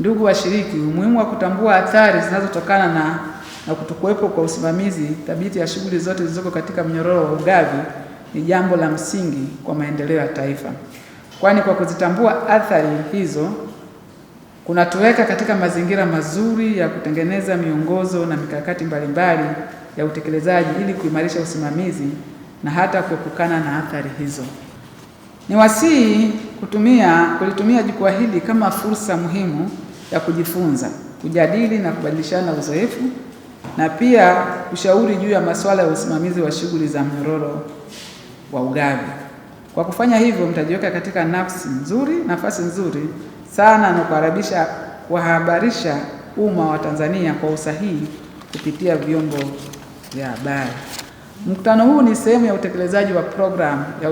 Ndugu washiriki, umuhimu wa kutambua athari zinazotokana na, na kutokuwepo kwa usimamizi thabiti ya shughuli zote zilizoko katika mnyororo wa ugavi ni jambo la msingi kwa maendeleo ya taifa, kwani kwa kuzitambua athari hizo kunatuweka katika mazingira mazuri ya kutengeneza miongozo na mikakati mbalimbali ya utekelezaji ili kuimarisha usimamizi na hata kuepukana na athari hizo. Niwasihi kutumia kulitumia jukwaa hili kama fursa muhimu ya kujifunza, kujadili na kubadilishana uzoefu na pia kushauri juu ya masuala ya usimamizi wa shughuli za mnyororo wa ugavi. Kwa kufanya hivyo, mtajiweka katika nafsi nzuri, nafasi nzuri sana na kuharabisha kuhabarisha umma wa Tanzania kwa usahihi kupitia vyombo vya habari. Mkutano huu ni sehemu ya utekelezaji wa programu ya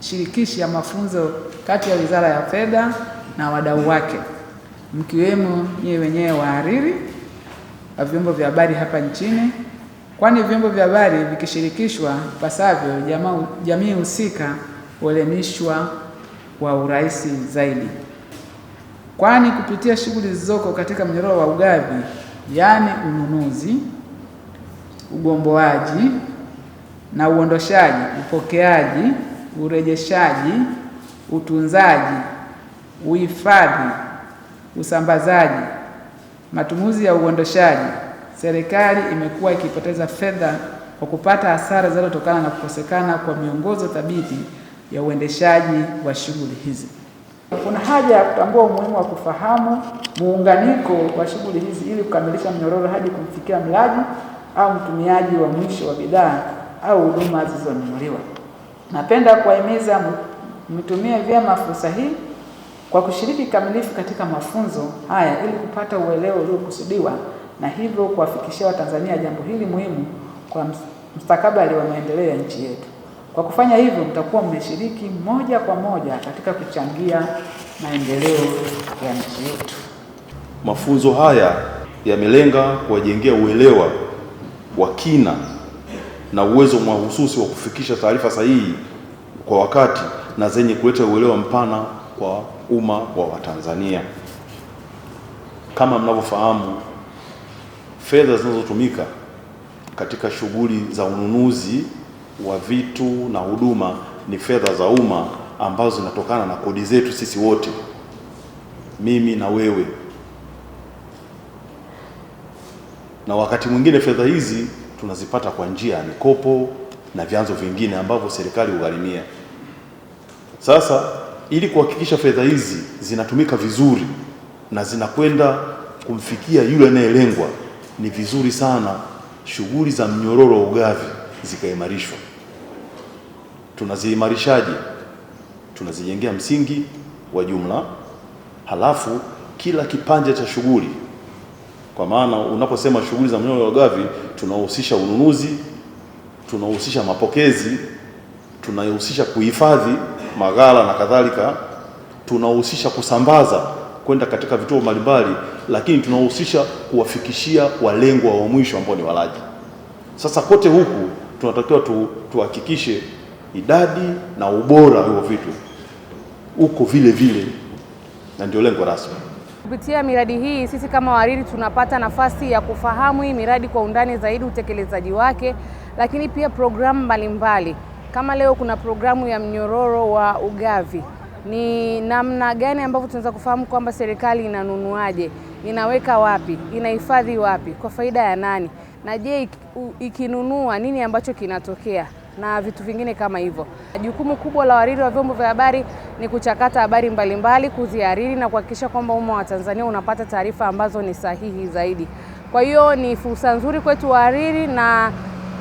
shirikishi ya mafunzo kati ya Wizara ya Fedha na wadau wake mkiwemo nyie wenyewe wahariri wa vyombo vya habari hapa nchini, kwani vyombo vya habari vikishirikishwa pasavyo, jamii husika huelemishwa kwa urahisi zaidi, kwani kupitia shughuli zilizoko katika mnyororo wa ugavi, yaani ununuzi, ugomboaji na uondoshaji, upokeaji, urejeshaji, utunzaji, uhifadhi usambazaji, matumizi ya uondoshaji, serikali imekuwa ikipoteza fedha kwa kupata hasara zinazotokana na kukosekana kwa miongozo thabiti ya uendeshaji wa shughuli hizi. Kuna haja ya kutambua umuhimu wa kufahamu muunganiko wa shughuli hizi ili kukamilisha mnyororo hadi kumfikia mlaji au mtumiaji wa mwisho wa bidhaa au huduma zilizonunuliwa. Napenda kuwahimiza mtumie vyema fursa hii kwa kushiriki kikamilifu katika mafunzo haya ili kupata uelewa uliokusudiwa na hivyo kuwafikishia Watanzania jambo hili muhimu kwa mstakabali wa maendeleo ya nchi yetu. Kwa kufanya hivyo, mtakuwa mmeshiriki moja kwa moja katika kuchangia maendeleo ya nchi yetu. Mafunzo haya yamelenga kuwajengea uelewa wa kina na uwezo mahususi wa kufikisha taarifa sahihi kwa wakati na zenye kuleta uelewa mpana kwa umma wa Watanzania. Kama mnavyofahamu, fedha zinazotumika katika shughuli za ununuzi wa vitu na huduma ni fedha za umma ambazo zinatokana na kodi zetu sisi wote, mimi na wewe, na wakati mwingine fedha hizi tunazipata kwa njia ya mikopo na vyanzo vingine ambavyo serikali hugharimia. Sasa ili kuhakikisha fedha hizi zinatumika vizuri na zinakwenda kumfikia yule anayelengwa, ni vizuri sana shughuli za mnyororo wa ugavi zikaimarishwa. Tunaziimarishaje? Tunazijengea msingi wa jumla, halafu kila kipande cha shughuli, kwa maana unaposema shughuli za mnyororo wa ugavi tunahusisha ununuzi, tunahusisha mapokezi, tunahusisha kuhifadhi maghala na kadhalika, tunahusisha kusambaza kwenda katika vituo mbalimbali, lakini tunahusisha kuwafikishia walengwa wa mwisho ambao ni walaji. Sasa kote huku tunatakiwa tu, tuhakikishe idadi na ubora wa vitu huko vile vile, na ndio lengo rasmi. Kupitia miradi hii sisi kama wahariri tunapata nafasi ya kufahamu hii miradi kwa undani zaidi, utekelezaji wake, lakini pia programu mbalimbali kama leo kuna programu ya mnyororo wa ugavi, ni namna gani ambavyo tunaweza kufahamu kwamba serikali inanunuaje, inaweka wapi, inahifadhi wapi, kwa faida ya nani, na je, ikinunua nini ambacho kinatokea na vitu vingine kama hivyo. Jukumu kubwa la wariri wa vyombo vya habari ni kuchakata habari mbalimbali, kuzihariri na kuhakikisha kwamba umma wa Tanzania unapata taarifa ambazo ni sahihi zaidi. Kwa hiyo ni fursa nzuri kwetu wahariri na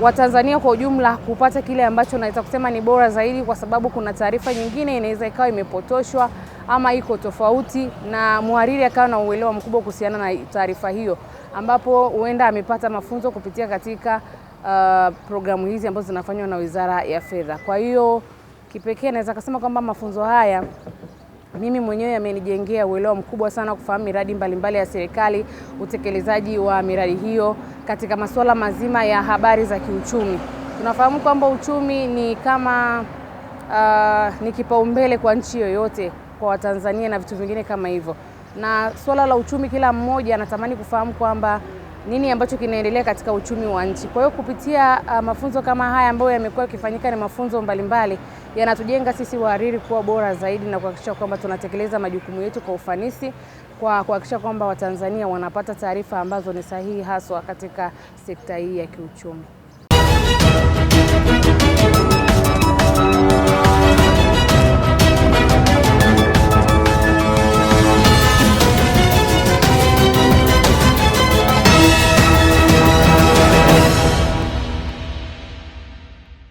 Watanzania kwa ujumla kupata kile ambacho naweza kusema ni bora zaidi, kwa sababu kuna taarifa nyingine inaweza ikawa imepotoshwa ama iko tofauti, na mhariri akawa na uelewa mkubwa kuhusiana na taarifa hiyo, ambapo huenda amepata mafunzo kupitia katika uh, programu hizi ambazo zinafanywa na Wizara ya Fedha. Kwa hiyo kipekee naweza kusema kwamba mafunzo haya mimi mwenyewe amenijengea uelewa mkubwa sana kufahamu miradi mbalimbali mbali ya serikali, utekelezaji wa miradi hiyo katika masuala mazima ya habari za kiuchumi. Tunafahamu kwamba uchumi ni kama uh, ni kipaumbele kwa nchi yoyote, kwa Watanzania na vitu vingine kama hivyo, na suala la uchumi, kila mmoja anatamani kufahamu kwamba nini ambacho kinaendelea katika uchumi wa nchi. Kwa hiyo kupitia uh, mafunzo kama haya ambayo yamekuwa yakifanyika na mafunzo mbalimbali yanatujenga sisi wahariri kuwa bora zaidi na kuhakikisha kwamba tunatekeleza majukumu yetu kwa ufanisi kwa kuhakikisha kwamba Watanzania wanapata taarifa ambazo ni sahihi haswa katika sekta hii ya kiuchumi.